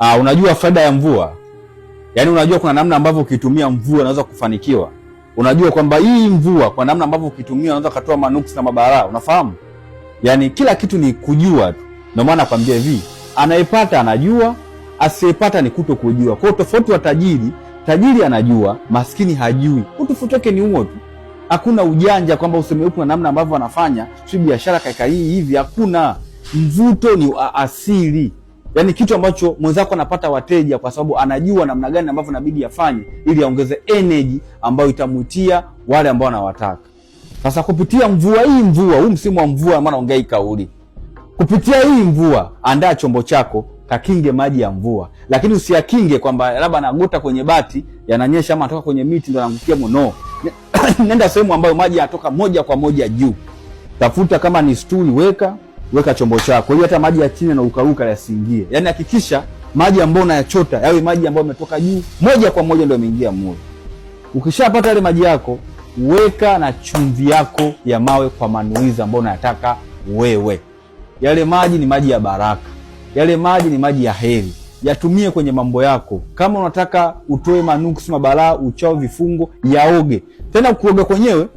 Uh, unajua faida ya mvua, yaani unajua kuna namna ambavyo ukitumia mvua unaweza kufanikiwa. Unajua kwamba hii mvua kwa namna ambavyo ukitumia unaweza katoa manuksi na mabalaa, unafahamu? Yaani kila kitu ni kujua tu, ndio maana nakwambia hivi, anayepata anajua, asiyepata ni kuto kujua. Kwa tofauti wa tajiri, tajiri anajua, maskini hajui. Utofauti wake ni huo tu. Hakuna ujanja kwamba useme upo na namna ambavyo anafanya si biashara kaika hii hivi, hakuna mvuto, ni asili yaani kitu ambacho mwenzako anapata wateja kwa sababu anajua namna gani ambavyo inabidi afanye ili aongeze energy ambayo itamwitia wale ambao anawataka. Sasa kupitia mvua hii, mvua huu msimu wa mvua, maana ongea hii kauli, kupitia hii mvua, andaa chombo chako kakinge maji ya mvua, lakini usiyakinge kwamba labda anaguta kwenye bati yananyesha, ama anatoka kwenye miti ndo anangukia mono. Nenda sehemu ambayo maji yanatoka moja kwa moja juu, tafuta kama ni stuli weka weka chombo chako ili hata maji ya chini na ukaruka yasiingie. Yaani hakikisha maji ambayo unayachota yawe maji ambayo yametoka juu moja kwa moja ndio yameingia moyo. Ukishapata yale maji yako, weka na chumvi yako ya mawe kwa manuizi ambayo unayataka wewe. Yale maji ni maji ya baraka, yale maji ni maji ya heri, yatumie kwenye mambo yako. Kama unataka utoe manuksi, mabalaa, uchao, vifungo, yaoge. Tena kuoga kwenyewe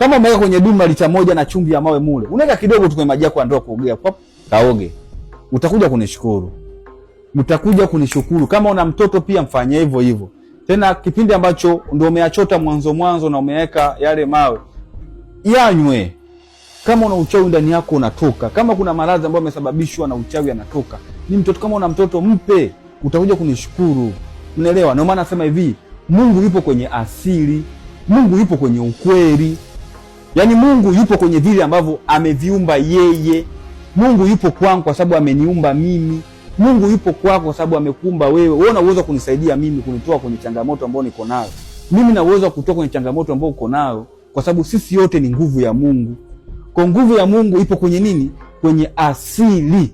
kama umeweka kwenye dumu lita moja na chumvi ya mawe mule, unaweka kidogo tu kwenye maji yako, ndio kuogea pop, kaoge. Utakuja kunishukuru, utakuja kunishukuru. Kama una mtoto pia mfanye hivyo hivyo. Tena kipindi ambacho ndio umeachota mwanzo mwanzo na umeweka yale mawe, yanywe. Kama una uchawi ndani yako unatoka. Kama kuna maradhi ambayo yamesababishwa na uchawi yanatoka. Ni mtoto, kama una mtoto mpe, utakuja kunishukuru. Unaelewa? Ndio maana nasema hivi, Mungu yupo kwenye asili, Mungu yupo kwenye ukweli. Yaani Mungu yupo kwenye vile ambavyo ameviumba yeye. Mungu yupo kwangu kwa sababu ameniumba mimi. Mungu yupo kwako kwa sababu amekuumba wewe. Wewe una uwezo kunisaidia mimi kunitoa kwenye changamoto ambayo niko nayo. Mimi na uwezo wa kutoka kwenye changamoto ambayo uko nayo kwa sababu sisi yote ni nguvu ya Mungu. Kwa nguvu ya Mungu ipo kwenye nini? Kwenye asili.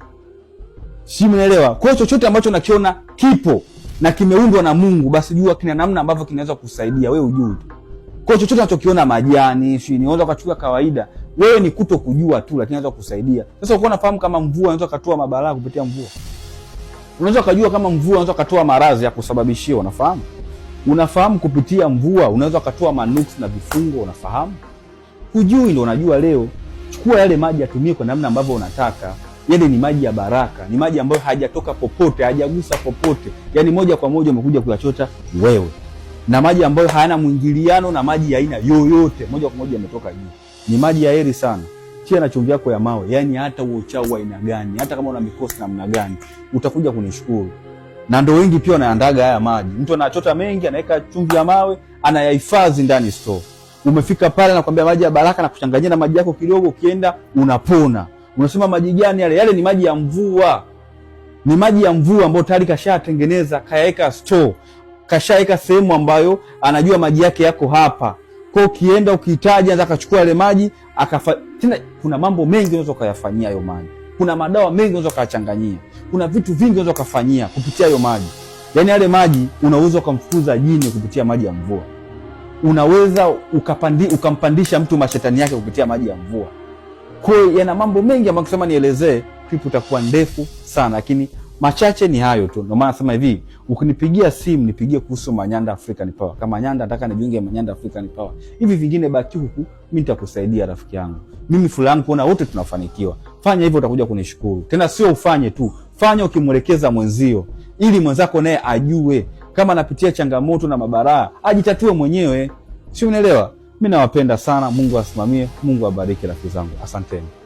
Si mnaelewa? Kwa chochote ambacho nakiona kipo na kimeundwa na Mungu, basi jua kina namna ambavyo kinaweza kusaidia wewe ujui. Kwa chochote unachokiona majani, ni unaweza kuchukua kawaida. Wewe ni kuto kujua tu lakini inaweza kusaidia. Sasa uko unafahamu kama mvua unaweza katoa mabalaa kupitia mvua. Unaweza kujua kama mvua unaweza katoa maradhi ya kusababishia, unafahamu? Unafahamu kupitia mvua unaweza katoa manuksi na vifungo, unafahamu? Hujui ndio unajua leo. Chukua yale maji yatumie kwa namna ambavyo unataka. Yale yaani ni maji ya baraka, ni maji ambayo hajatoka popote, hajagusa popote. Yaani moja kwa moja umekuja kuyachota wewe na maji ambayo hayana mwingiliano na maji ya aina yoyote, moja kwa moja yametoka juu. Ni maji ya heri sana. Chia na chumvi yako ya mawe, yani hata uochao wa aina gani, hata kama una mikosi namna gani, utakuja kunishukuru. Na ndo wengi pia wanaandaga haya maji, mtu anachota mengi, anaweka chumvi ya mawe, anayahifadhi ndani store. Umefika pale na kuambia maji ya baraka na kuchanganyia na maji yako kidogo, ukienda unapona. Unasema maji gani yale? Yale ni maji ya mvua, ni maji ya mvua ambayo tayari kashatengeneza, kayaweka store kashaweka sehemu ambayo anajua maji yake yako hapa. Kwa ukienda ukihitaji, anaweza akachukua yale maji akafa. Tena kuna mambo mengi unaweza ukayafanyia hayo maji, kuna madawa mengi unaweza ukayachanganyia, kuna vitu vingi unaweza ukafanyia kupitia hayo maji. Yaani yale maji unaweza ukamfukuza jini kupitia maji ya mvua, unaweza ukapandi, ukampandisha mtu mashetani yake kupitia maji ya mvua. Kwa hiyo yana mambo mengi ambayo kusema nielezee, clip itakuwa ndefu sana, lakini machache ni hayo tu, ndio maana nasema hivi Ukinipigia simu nipigie kuhusu Manyanda African Power. Kama Manyanda nataka nijiunge Manyanda African Power. Hivi vingine baki huku, mimi nitakusaidia rafiki yangu. Mimi fulani kuona wote tunafanikiwa. Fanya hivyo utakuja kunishukuru. Tena sio ufanye tu. Fanya ukimwelekeza mwenzio ili mwenzako naye ajue kama anapitia changamoto na mabaraa ajitatue mwenyewe. Si unaelewa? Mimi nawapenda sana. Mungu asimamie, Mungu abariki rafiki zangu. Asanteni.